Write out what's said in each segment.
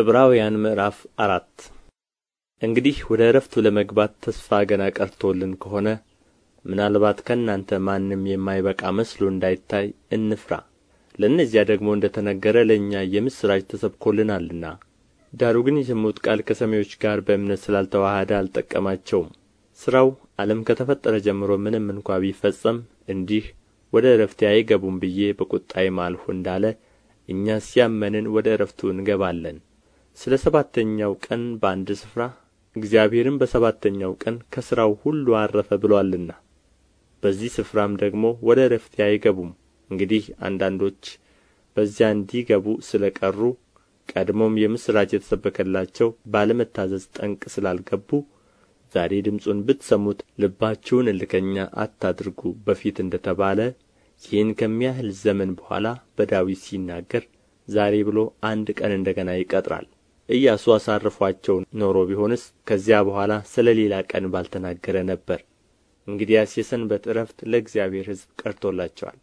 ዕብራውያን ምዕራፍ አራት እንግዲህ ወደ ዕረፍቱ ለመግባት ተስፋ ገና ቀርቶልን ከሆነ ምናልባት ከእናንተ ማንም የማይበቃ መስሎ እንዳይታይ እንፍራ። ለእነዚያ ደግሞ እንደ ተነገረ ለእኛ የምሥራች ተሰብኮልናልና። ዳሩ ግን የሰሙት ቃል ከሰሚዎች ጋር በእምነት ስላልተዋሐደ አልጠቀማቸውም። ሥራው ዓለም ከተፈጠረ ጀምሮ ምንም እንኳ ቢፈጸም እንዲህ ወደ ዕረፍቴ አይገቡም ብዬ በቁጣዬ ማልሁ እንዳለ እኛ ሲያመንን ወደ ዕረፍቱ እንገባለን። ስለ ሰባተኛው ቀን በአንድ ስፍራ እግዚአብሔርም በሰባተኛው ቀን ከሥራው ሁሉ አረፈ ብሎአልና በዚህ ስፍራም ደግሞ ወደ ዕረፍቴ አይገቡም እንግዲህ አንዳንዶች በዚያ እንዲገቡ ስለ ቀሩ ቀድሞም የምሥራች የተሰበከላቸው ባለመታዘዝ ጠንቅ ስላልገቡ ዛሬ ድምፁን ብትሰሙት ልባችሁን እልከኛ አታድርጉ በፊት እንደ ተባለ ይህን ከሚያህል ዘመን በኋላ በዳዊት ሲናገር ዛሬ ብሎ አንድ ቀን እንደ ገና ይቀጥራል ኢያሱ አሳርፏቸው ኖሮ ቢሆንስ ከዚያ በኋላ ስለ ሌላ ቀን ባልተናገረ ነበር። እንግዲያስ የሰንበት ዕረፍት ለእግዚአብሔር ሕዝብ ቀርቶላቸዋል።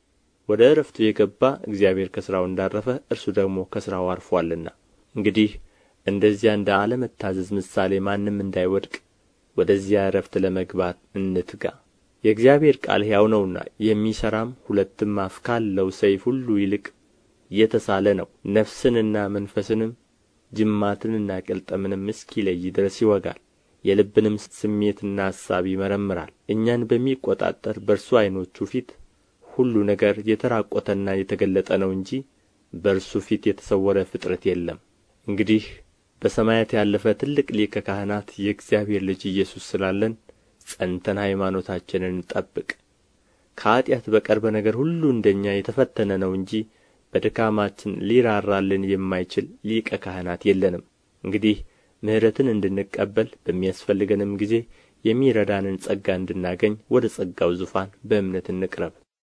ወደ ዕረፍቱ የገባ እግዚአብሔር ከሥራው እንዳረፈ እርሱ ደግሞ ከሥራው አርፏልና እንግዲህ እንደዚያ እንደ አለመታዘዝ ምሳሌ ማንም እንዳይወድቅ ወደዚያ ዕረፍት ለመግባት እንትጋ። የእግዚአብሔር ቃል ሕያው ነውና የሚሠራም ሁለትም አፍ ካለው ሰይፍ ሁሉ ይልቅ የተሳለ ነው፣ ነፍስንና መንፈስንም ጅማትንና ቅልጥምንም እስኪለይ ድረስ ይወጋል የልብንም ስሜትና አሳብ ይመረምራል እኛን በሚቆጣጠር በእርሱ ዐይኖቹ ፊት ሁሉ ነገር የተራቆተና የተገለጠ ነው እንጂ በእርሱ ፊት የተሰወረ ፍጥረት የለም እንግዲህ በሰማያት ያለፈ ትልቅ ሊቀ ካህናት የእግዚአብሔር ልጅ ኢየሱስ ስላለን ጸንተን ሃይማኖታችንን እንጠብቅ ከኀጢአት በቀር በነገር ሁሉ እንደ እኛ የተፈተነ ነው እንጂ በድካማችን ሊራራልን የማይችል ሊቀ ካህናት የለንም እንግዲህ ምሕረትን እንድንቀበል በሚያስፈልገንም ጊዜ የሚረዳንን ጸጋ እንድናገኝ ወደ ጸጋው ዙፋን በእምነት እንቅረብ